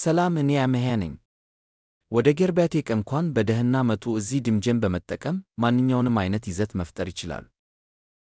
ሰላም እኔ አመሃ ነኝ። ወደ ጌርቢያቴቅ እንኳን በደህና መጡ። እዚህ ድምፄን በመጠቀም ማንኛውንም አይነት ይዘት መፍጠር ይችላሉ።